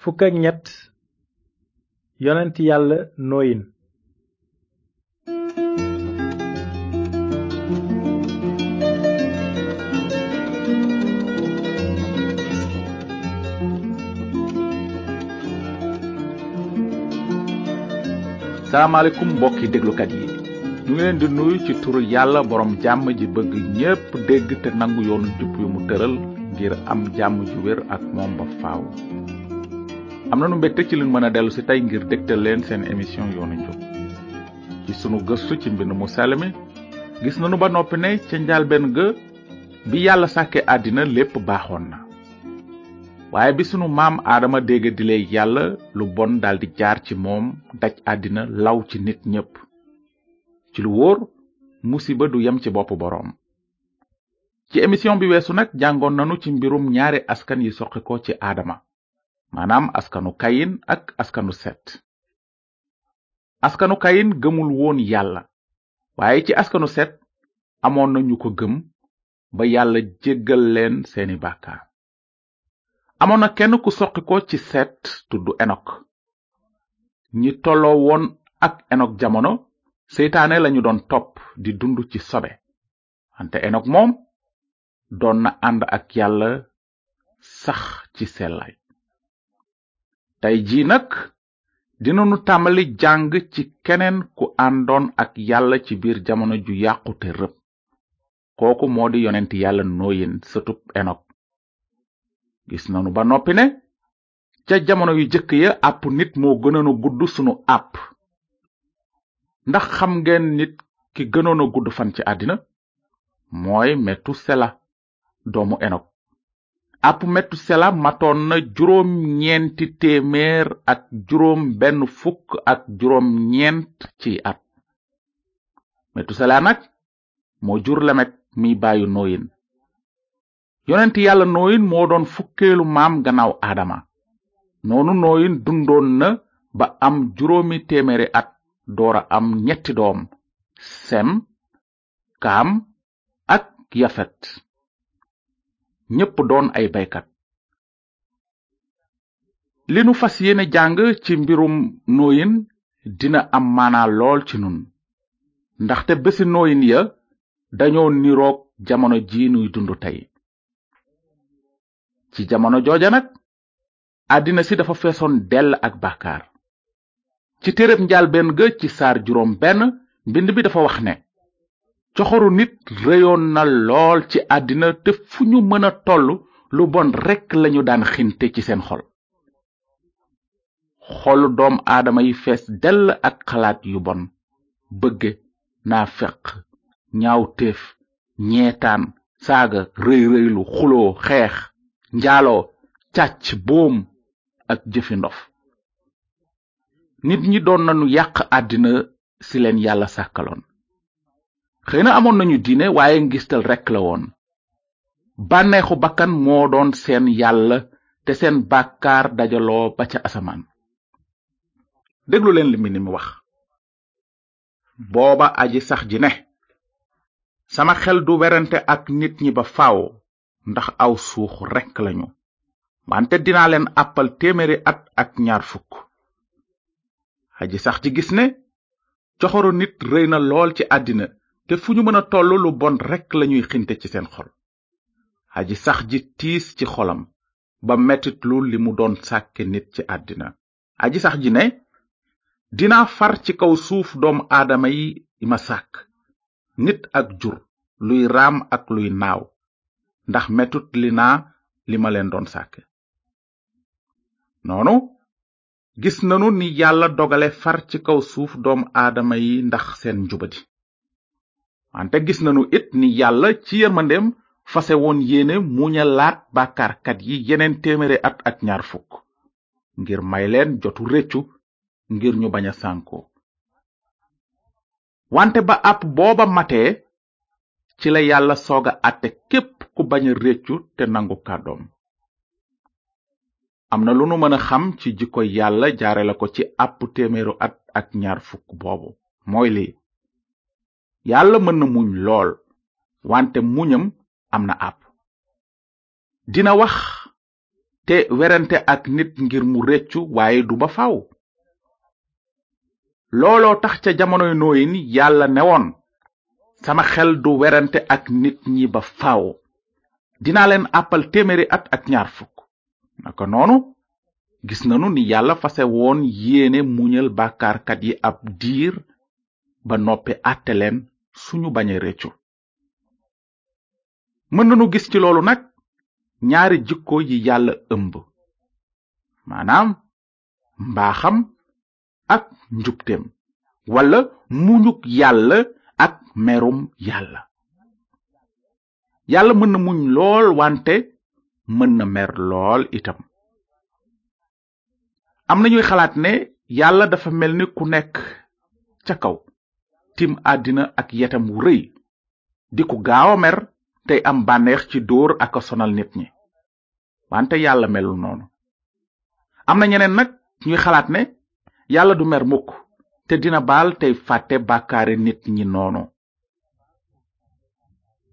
fukk ak ñett yonent yàlla nooyin salaamaaleykum mbokki déglukat yi ñu ngi leen di nuyu ci turu yàlla borom jàmm ji bëgg ñépp dégg te nangu yoonu jub yu mu tëral ngir am jàmm ju wér ak moom ba faaw am na nu mbégte ci luñ mën a dellu si tey ngir dégtal leen seen émission yoonu njub ci sunu gëstu ci mbind mu sell mi gis nañu ba noppi ne ca njaalbeen ga bi yàlla sàkkee àddina lépp baaxoon na waaye bi sunu maam aadama dégg dile yàlla lu bon daldi jaar ci moom daj àddina law ci nit ñépp ci lu wóor musiba du yem ci bopp boroom ci émission bi weesu nag jàngoon nanu ci mbirum ñaari askan yi soqi ko ci aadama maanaam askanu kayin ak askanu set askanu kayin gëmul woon yàlla waaye ci askanu set amoon na ñu ko gëm ba yàlla jéggal leen seeni bàkkaar amoon na kenn ku soqi ko ci seet tudd enok ñi tolloo woon ak enok jamono seytaane lañu doon topp di dund ci sobe wante enok moom doon na ànd ak yàlla sax ci sellaay tey jii nag dinanu tàmbali jàng ci keneen ku àndoon ak yàlla ci biir jamono ju yàqu rëb kooku moo di yonent yàlla nooyin sëtub enok gis nanu ba noppi ne ca jamono yu jëkk ya àpp nit moo gënoon gudd sunu àpp ndax xam ngeen nit ki gënoon a gudd fan ci àddina mooy metusela doomu enok app metusela matoon juróom ñeenti téeméer ak juróom benn fukk ak juróom ñeent ci at metusela nag moo jur lemet mi bàyyu nooyin yonent yàlla nooyin moo doon fukkeelu maam gannaaw aadama noonu nooyin dundoon na ba am juróomi téeméeri at doora am ñetti doom sem kaam ak yafet ñépp doon ay baykat li nu fas yéene jàng ci mbirum nooyin dina am maana lool ci nun ndaxte bés nooyin ya dañoo niroog jamono ji nuy dund tey ci jamono jooja nag àddina si dafa feesoon dell ak bàkkaar ci téereb njaalbeen ga ci saar juróom benn mbind bi dafa wax ne coxoru nit réyoon na lool ci àddina te fu ñu mën a toll lu bon rekk lañu daan xinte ci seen xol xolu doom aadama yi fees dell ak xalaat yu bon bëgge naa feq ñaaw ñeetaan saaga rëy rëylu xuloo xeex njaaloo càcc boom ak jëfe ndof nit ñi doon nanu yàq àddina si leen yàlla sàkkaloon xëy na amoon nañu diine waaye ngistal rekk la woon bànneexu bakkan moo doon seen yàlla te seen bàkkaar dajaloo ba ca asamaan déglu leen li mbind mi wax booba aji sax ji ne sama xel du werante ak nit ñi ba faaw ndax aw suux rekk lañu wante dinaa leen àppal téeméeri at ak ñaar fukk aji sax ji gis ne joxoru nit rëy na lool ci àddina te fu ñu mën a toll lu bon rekk lañuy xinte ci seen xol aji sax ji tiis ci xolam ba mettitlu li mu doon sàkke nit ci àddina aji sax ji ne dinaa far ci kaw suuf doomu aadama yi ma sàkk nit ak jur luy raam ak luy naaw ndax metut li naa li ma leen doon sàkke noonu gis nanu ni yàlla dogale far ci kaw suuf doomu aadama yi ndax seen njubadi wante gis nanu it ni yàlla ci yërmandeem fase woon yéene muñalaat bàkkaarkat yi yeneen téeméeri at ak ñaar fukk ngir may leen jotu réccu ngir ñu baña a sànko wante ba ab booba matee ci la yàlla sooga àtte képp ku bañ a réccu te nangu kàddoom am na lu nu mën a xam ci jikko yàlla jaare la ko ci àpp téeméeru at ak ñaar fukk boobu mooy lii yàlla mën na muñ lool wante muñam am na àpp dina wax te werante ak nit ngir mu réccu waaye du ba faw looloo tax ca jamonoy nooyin yàlla newoon sama xel du werante ak nit ñi ba faw dina leen àppal téeméeri at ak ñaar fukk naka noonu gis nanu ni yàlla fase woon yéene muñal bàkkaarkat yi ab diir ba noppi àtte leen suñu bañee réccu mën nanu gis ci loolu nag ñaari jikko yi yàlla ëmb maanaam mbaaxam ak njubteem walla muñuk yàlla ak merum yàlla yàlla mën na muñ lool wante mën na mer lool itam am na ñuy xalaat ne yàlla dafa mel ni ku nekk ca kaw tim àddina ak yetam wu rëy di ku gaaw a mer tey am bànneex ci dóor ak a sonal nit ñi wante yàlla melul noonu am na ñeneen nag ñuy xalaat ne yàlla du mer mukk te dina baal tey fàtte bàkkaare nit ñi noonu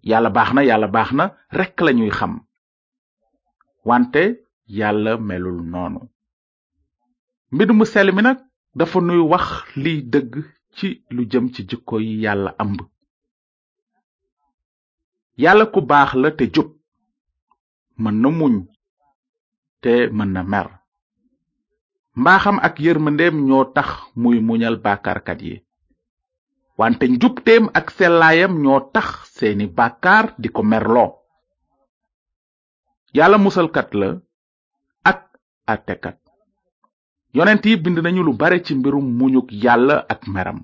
yàlla baax na yàlla baax na rekk lañuy xam wante yàlla melul noonu mbind mu sell mi nag dafa nuy wax liy dëgg ci lu jëm ci jikko yi yàlla ëmb yàlla ku baax la te jub mën na muñ te mën na mer mbaaxam ak yërmëndem ñoo tax muy muñal bàkkaarkat yi wante njubteem ak sellaayam ñoo tax seeni bàkkaar di ko merloo yàlla musalkat la ak àttekat yonent yi bind nañu lu bare ci mbirum muñuk yàlla ak meram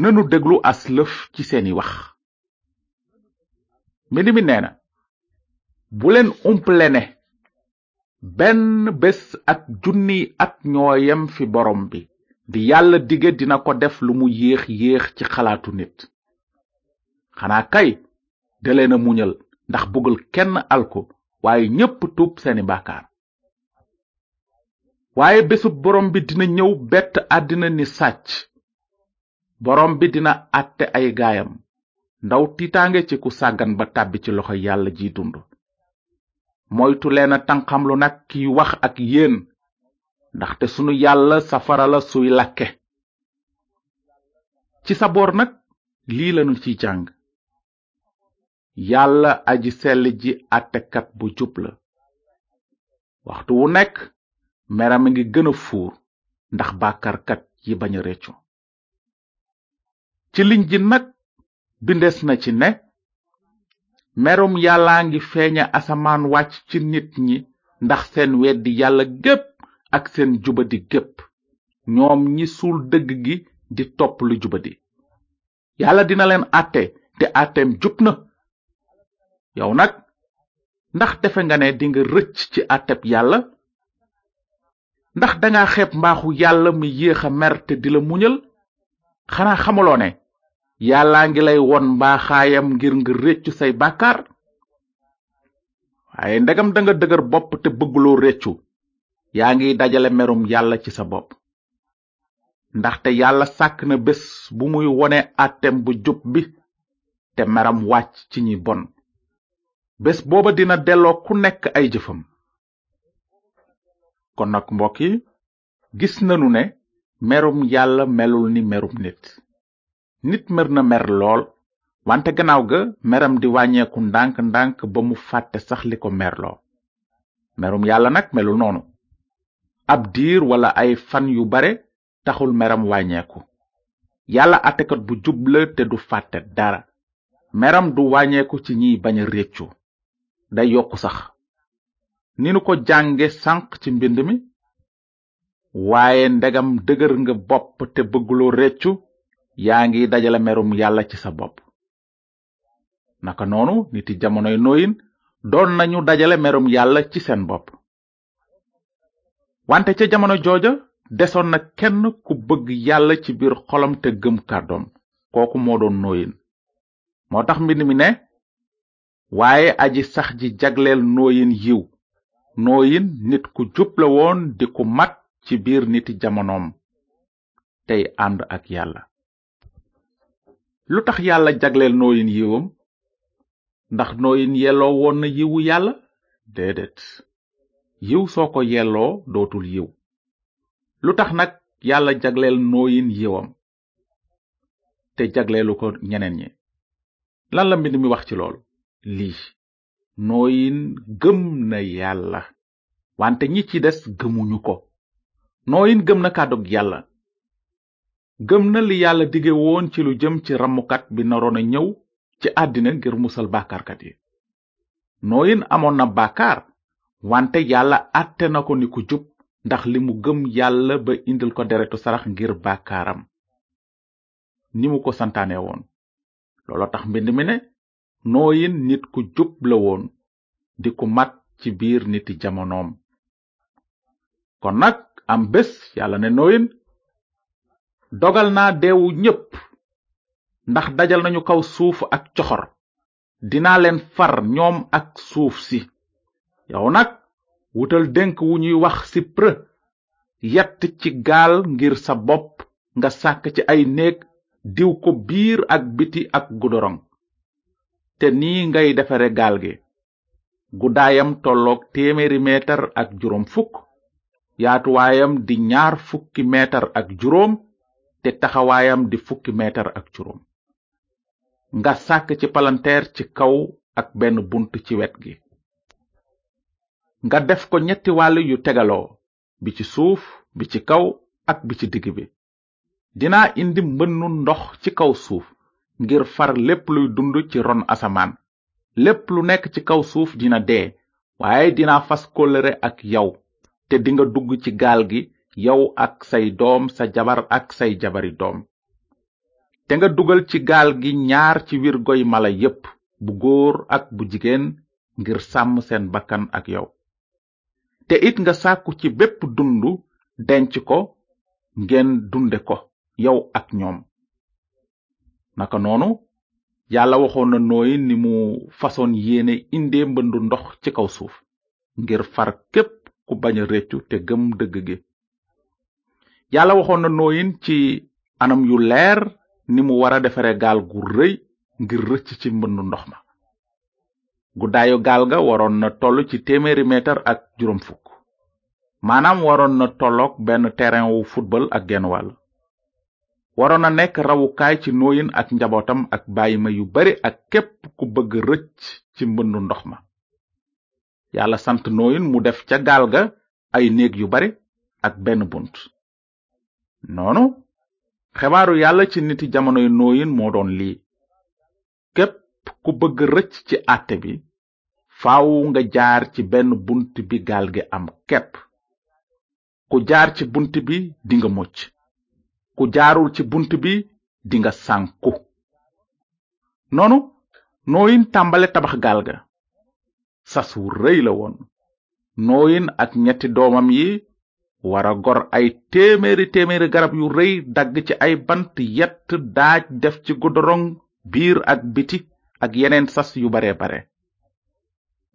nanu déglu as lëf ci seeni wax mbind mi neena bu leen umple ne benn bés ak junniy at ñooyem fi borom bi di yàlla dige dina ko def lu mu yéex yéex ci xalaatu nit xanaa kay da leen a muñal ndax bëggul kenn alko waaye ñépp tuub seeni bàkkaar waaye bésub boroom bi dina ñëw bett àddina ni sàcc boroom bi dina àtte ay gaayam ndaw tiitaange ci ku sàggan ba tàbbi ci loxo yàlla ji dund moytu leen a lu nag kiy wax ak yéen ndaxte sunu yàlla safara la suy lakke ci sa boor nag lii lanu ci jàng yàlla aji sell ji àttekat bu jub la waxtu wu nekk meram a ngi gën a fuur ndax bàkkaarkat yi bañ a réccu ci liñ ji nag bindees na ci ne merum yàllaa ngi feeña asamaan wàcc ci nit ñi ndax seen weddi yàlla gépp ak seen jubadi gépp ñoom ñi suul dëgg gi di topp lu jubadi yàlla dina leen àtte di àtteem jub na yow nag ndax defe nga ne dinga rëcc ci àtteb yàlla ndax danga xeeb mbaaxu yàlla mi yéex a mer te di la muñal xanaa xamuloo ne yàllaa ngi lay won mbaaxaayam ngir nga réccu say bàkkaar waaye ndegam danga dëgër bopp te bëgguloo réccu yaa ngi dajale merum yàlla ci sa bopp ndaxte yàlla sàkk na bés bu muy wone àttem bu jub bi te meram wàcc ci ñi bon bés booba dina delloo ku nekk ay jëfam kon nag mbokk yi gis nanu ne merum yàlla melul ni merum nit nit mer na mer lool wante gannaaw ga meram di wàññeeku ndànk ndànk ba mu fàtte sax li ko merloo merum yàlla nag melul noonu ab diir wala ay fan yu bare taxul meram wàññeeku yàlla àttekat bu jub te du fàtte dara meram du wàññeeku ci ñiy bañ a réccu day yokku sax ni nu ko jànge sànq ci mbind mi waaye ndegam dëgër nga bopp te bëgguloo reccu yaa ngi dajale merum yàlla ci sa bopp naka noonu niti jamonoy nooyin doon nañu dajale merum yàlla ci seen bopp wante ca jamono jooja desoon na kenn ku bëgg yàlla ci biir xolom te gëm kàddoom kooku moo doon nooyin moo tax mbind mi ne waaye aji sax ji jagleel nooyin yiw nooyin nit ku jub la woon di ku mat ci biir niti jamonoom tey ànd ak yàlla lu tax yàlla jagleel nooyin yiwam ndax nooyin yelloo woon na yiwu yàlla déedéet yiw soo ko yelloo dootul yiw lu tax nag yàlla jagleel nooyin yiwam te jagleelu ko ñeneen ñi lan la mbind mi wax ci loolu lii nooyin gëm na yàlla wante ñi ci des gëmuñu ko nooyin gëm na kàddug yàlla gëm na li yàlla dige woon ci lu jëm ci ramukat bi naroon a ñëw ci àddina ngir musal bàkkaarkat yi nooyin amoon na bàkkaar wante yàlla àtte na ko niku ku jub ndax li mu gëm yàlla ba indil ko deretu sarax ngir bàkkaaram ni mu ko santaanewoon woon tax mbind mi ne nooyin nit ku jub la woon di ku mat ci biir niti jamonoom kon nag am bés yàlla ne nooyin dogal naa deewu ñépp ndax dajal nañu kaw suuf ak coxor dinaa leen far ñoom ak suuf si yow nag wutal dénk wu ñuy wax sipre yatt ci gaal ngir sa bopp nga sàkk ci ay néeg diw ko biir ak biti ak gudorong te nii ngay defare gaal gi guddaayam tolloog téeméeri meetar ak juróom fukk yaatuwaayam di ñaar fukki meetar ak juróom te taxawaayam di fukki meetar ak juróom nga sàkk ci palanteer ci kaw ak benn bunt ci wet gi nga def ko ñetti wàll yu tegaloo bi ci suuf bi ci kaw ak bi ci digg bi dina indi mbënnu ndox ci kaw suuf ngir far lépp luy dund ci ron asamaan lépp lu nekk ci kaw suuf dina dee waaye dina fas kóllëre ak yow te dinga dugg ci gaal gi yow ak say doom sa jabar ak say jabari doom te nga dugal ci gaal gi ñaar ci wirgoy mala yépp bu góor ak bu jigéen ngir sàmm seen bakkan ak yow te it nga sàkku ci bépp dund denc ko ngeen dunde ko yow ak ñoom naka noonu yàlla waxoon na nooyi ni mu façon yéene indee mbëndu ndox ci kaw suuf ngir far képp ku bañ a réccu te gëm dëgg gi yàlla waxoon na nooyin ci anam yu leer ni mu wara defaree gaal gu rëy ngir rëcc ci mbëndu ndox ma guddaayu gaal ga waroon na toll ci téeméeri meetar ak juróom fukk maanaam waroon na tollook benn terrain wu football ak genn wàll waroon a nekk rawukaay ci nooyin ak njabootam ak bàyyi ma yu bare ak képp ku bëgg rëcc ci mbëndu ndox ma yàlla sant nooyin mu def ca gaal ga ay néeg yu bare ak benn bunt noonu xebaaru yàlla ci niti jamonoy nooyin moo doon lii képp ku bëgg rëcc ci àtte bi faw nga jaar ci benn bunt bi gaal gi am képp ku jaar ci bunt bi dinga mucc ku jaarul ci bunt bi dinga sànku noonu nooyin tàmbale tabax gaal ga sas wu rëy la woon nooyin ak ñetti doomam yi wara gor ay téeméeri téeméeri garab yu rëy dagg ci ay bant yett daaj def ci godorong biir ak biti ak yeneen sas yu bare bare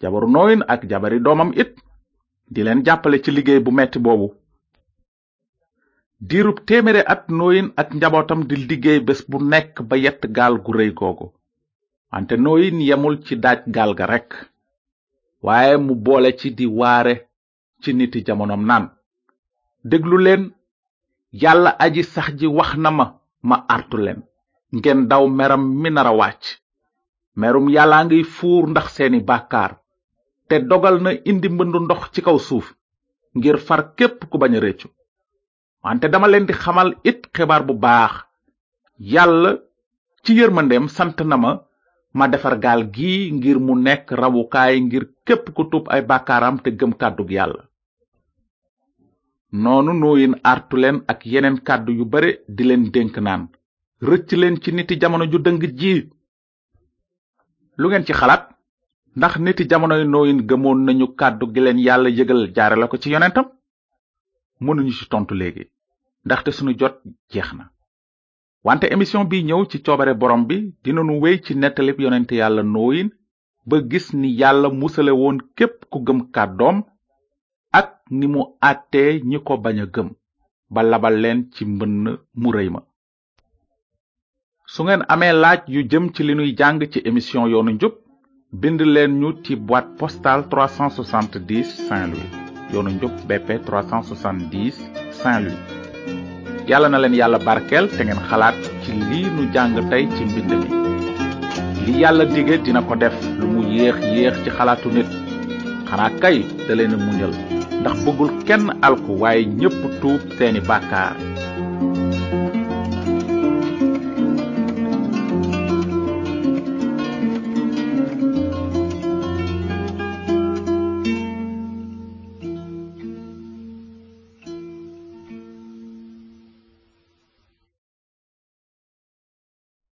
jabaru nooyin ak jabari doomam it di leen jàppale ci liggéey bu metti boobu diirub téeméeri at nooyin ak njabootam di liggéey bés bu nekk ba yett gaal gu rëy googu wante nooyin yemul ci daaj gaal ga rekk waaye mu boole ci di waare ci niti jamonoom naan déglu leen yàlla aji sax ji wax na ma ma artu ngeen daw meram mi nara wàcc merum yàllaa ngiy fuur ndax seeni bàkkaar te dogal na indi mbëndu ndox ci kaw suuf ngir far képp ku bañ a réccu wante dama leen di xamal it xibaar bu baax yàlla ci yërmandeem sant na ma ma defar gaal gi ngir mu nekk rawukaay ngir képp ku tub ay bàkkaaram te gëm kàddug yàlla noonu nooyin artu leen ak yeneen kàddu yu bare di leen dénk naan rëcc leen ci niti jamono ju dëng ji lu ngeen ci xalaat ndax niti jamonoy nooyin gëmoon nañu kàddu gi leen yàlla yëgal jaare la ko ci yonentam mënuñu ci tontu léegi ndaxte sunu jot jeex na wante émission bi ñëw ci coobare borom bi dina dinanu wéy ci nettalib yonent yàlla nooyin ba gis ni yàlla musale woon képp ku gëm doom ak ni mu àttee ñi ko bañ a gëm ba labal leen ci mbënn mu rëy ma su ngeen amee laaj yu jëm ci li nuy jàng ci émission yoonu njub bind leen ñu ci boîte postale 370 Saint-Louis yoonu njub BP 370 Saint-Louis yàlla na leen yàlla barkeel te ngeen xalaat ci lii jàng tey ci mbind mi li yàlla dige dina ko def lu mu yéex yéex ci xalaatu nit xanaa kay da leen muñal ndax bëggul kenn alku waaye ñépp tuub seeni bàkkaar